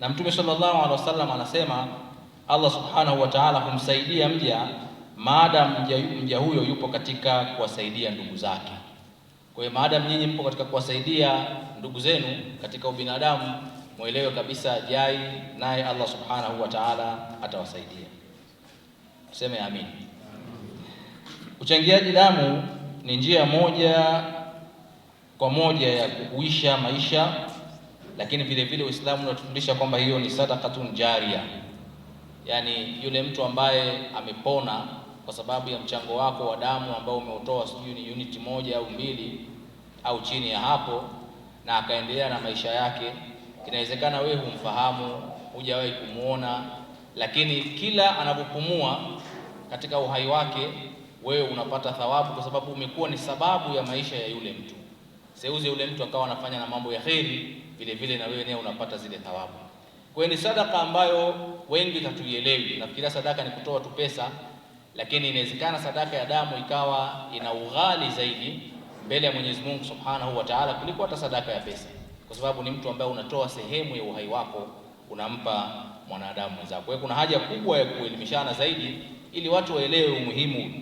na Mtume sallallahu alaihi wasallam anasema Allah subhanahu wa ta'ala humsaidia mja maadamu mja, mja huyo yupo katika kuwasaidia ndugu zake. Kwa hiyo maadamu nyinyi mpo katika kuwasaidia ndugu zenu katika ubinadamu, mwelewe kabisa jai naye Allah subhanahu wa ta'ala atawasaidia. Tuseme amin. Uchangiaji damu ni njia moja kwa moja ya kuhuisha maisha lakini vile vile Uislamu unatufundisha kwamba hiyo ni sadakatun jaria, yaani yule mtu ambaye amepona kwa sababu ya mchango wako wa damu ambao umeutoa, sijui ni uniti moja au mbili au chini ya hapo, na akaendelea na maisha yake. Inawezekana wewe humfahamu, hujawahi kumuona, lakini kila anapopumua katika uhai wake, wewe unapata thawabu, kwa sababu umekuwa ni sababu ya maisha ya yule mtu seuze ule mtu akawa anafanya na mambo ya kheri, vile vile na wewe unapata zile thawabu. Kwa hiyo ni sadaka ambayo wengi hatuielewi, nafikiria sadaka ni kutoa tu pesa, lakini inawezekana sadaka ya damu ikawa ina ughali zaidi mbele ya Mwenyezi Mungu Subhanahu wa Ta'ala kuliko hata sadaka ya pesa, kwa sababu ni mtu ambaye unatoa sehemu ya uhai wako unampa mwanadamu mwenzako. Kwa hiyo kuna haja kubwa ya kuelimishana zaidi, ili watu waelewe umuhimu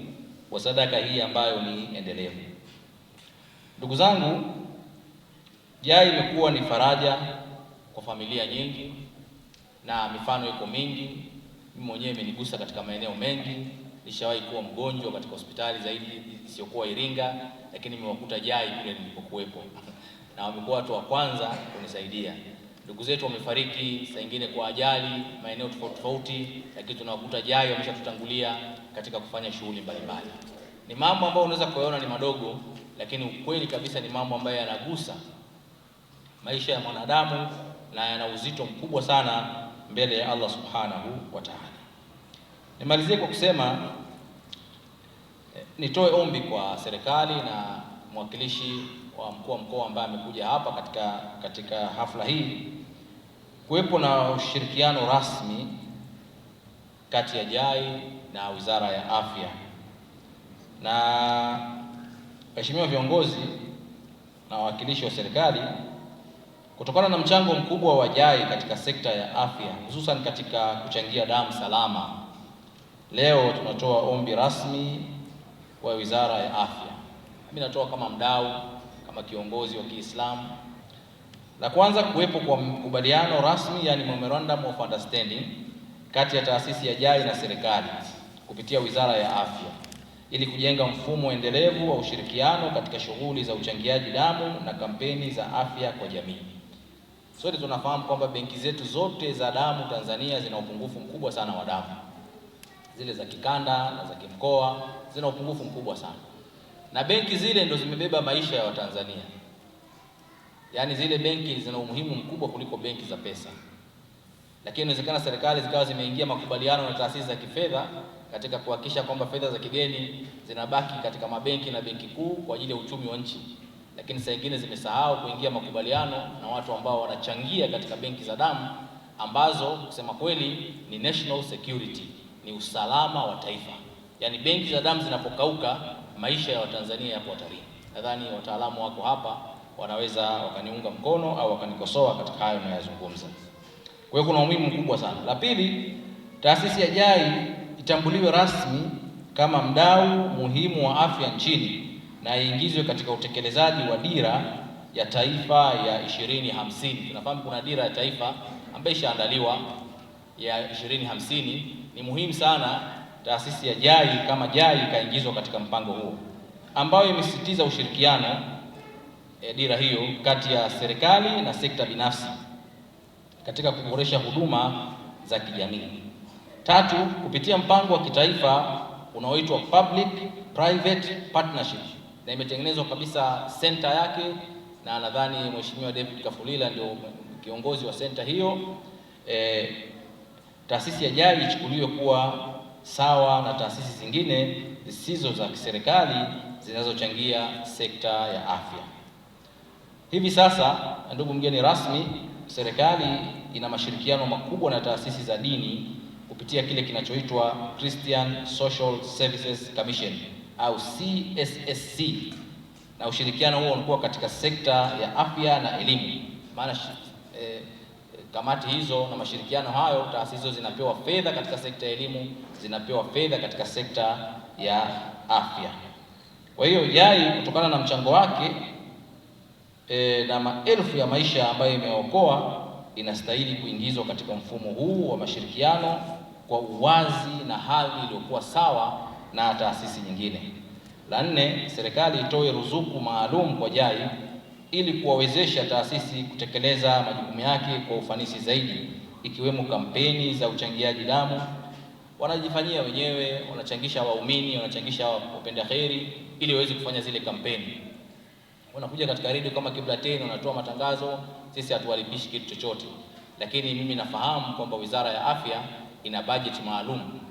wa sadaka hii ambayo ni endelevu. Ndugu zangu, JAI imekuwa ni faraja kwa familia nyingi na mifano iko mingi. Mimi mwenyewe imenigusa katika maeneo mengi. Nishawahi kuwa mgonjwa katika hospitali zaidi isiyokuwa Iringa, lakini nimewakuta JAI kule nilipokuwepo na wamekuwa watu wa kwanza kunisaidia. Ndugu zetu wamefariki saa nyingine kwa ajali maeneo tofauti tofauti, lakini tunawakuta JAI wameshatutangulia katika kufanya shughuli mbalimbali. Ni mambo ambayo unaweza kuyaona ni madogo lakini ukweli kabisa ni mambo ambayo yanagusa maisha ya mwanadamu na yana uzito mkubwa sana mbele ya Allah subhanahu wa ta'ala. Nimalizie kwa kusema eh, nitoe ombi kwa serikali na mwakilishi wa mkuu wa mkoa ambaye amekuja hapa katika, katika hafla hii, kuwepo na ushirikiano rasmi kati ya JAI na Wizara ya Afya na Waheshimiwa viongozi na wawakilishi wa serikali, kutokana na mchango mkubwa wa JAI katika sekta ya afya hususan katika kuchangia damu salama, leo tunatoa ombi rasmi kwa Wizara ya Afya. Mimi natoa kama mdau, kama kiongozi wa Kiislamu. La kwanza, kuwepo kwa mkubaliano rasmi, yani memorandum of understanding, kati ya taasisi ya JAI na serikali kupitia Wizara ya Afya ili kujenga mfumo endelevu wa ushirikiano katika shughuli za uchangiaji damu na kampeni za afya kwa jamii. Sote tunafahamu kwamba benki zetu zote za damu Tanzania zina upungufu mkubwa sana wa damu, zile za kikanda na za kimkoa zina upungufu mkubwa sana, na benki zile ndo zimebeba maisha ya Watanzania. Yaani zile benki zina umuhimu mkubwa kuliko benki za pesa lakini inawezekana serikali zikawa zimeingia makubaliano na taasisi za kifedha katika kuhakikisha kwamba fedha za kigeni zinabaki katika mabenki na benki kuu kwa ajili ya uchumi wa nchi, lakini saa nyingine zimesahau kuingia makubaliano na watu ambao wanachangia katika benki za damu ambazo kusema kweli ni national security, ni usalama wa taifa. Yaani benki za damu zinapokauka, maisha ya Watanzania yapo hatarini. Nadhani wataalamu wako hapa wanaweza wakaniunga mkono au wakanikosoa katika hayo ninayozungumza. Kwa hiyo kuna umuhimu mkubwa sana. La pili, taasisi ya JAI itambuliwe rasmi kama mdau muhimu wa afya nchini na iingizwe katika utekelezaji wa dira ya taifa ya 2050. Tunafahamu kuna dira ya taifa ambayo ishaandaliwa ya 2050. Ni muhimu sana taasisi ya JAI kama JAI ikaingizwa katika mpango huo ambayo imesisitiza ushirikiano eh, dira hiyo kati ya serikali na sekta binafsi katika kuboresha huduma za kijamii. Tatu, kupitia mpango wa kitaifa unaoitwa Public Private Partnership na imetengenezwa kabisa senta yake, na nadhani Mheshimiwa David Kafulila ndio kiongozi wa senta hiyo. E, taasisi ya JAI ichukuliwe kuwa sawa na taasisi zingine zisizo za kiserikali zinazochangia sekta ya afya. Hivi sasa, ndugu mgeni rasmi serikali ina mashirikiano makubwa na taasisi za dini kupitia kile kinachoitwa Christian Social Services Commission au CSSC, na ushirikiano huo unakuwa katika sekta ya afya na elimu. Maana eh, kamati hizo na mashirikiano hayo, taasisi hizo zinapewa fedha katika sekta ya elimu, zinapewa fedha katika sekta ya afya. Kwa hiyo yai kutokana na mchango wake e, na maelfu ya maisha ambayo imeokoa inastahili kuingizwa katika mfumo huu wa mashirikiano kwa uwazi na hadhi iliyokuwa sawa na taasisi nyingine. La nne, serikali itoe ruzuku maalum kwa JAI ili kuwawezesha taasisi kutekeleza majukumu yake kwa ufanisi zaidi, ikiwemo kampeni za uchangiaji damu. Wanajifanyia wenyewe, wanachangisha waumini, wanachangisha wapenda heri ili waweze kufanya zile kampeni unakuja katika redio kama Kibla 10 unatoa matangazo, sisi hatuharibishi kitu chochote, lakini mimi nafahamu kwamba Wizara ya Afya ina bajeti maalum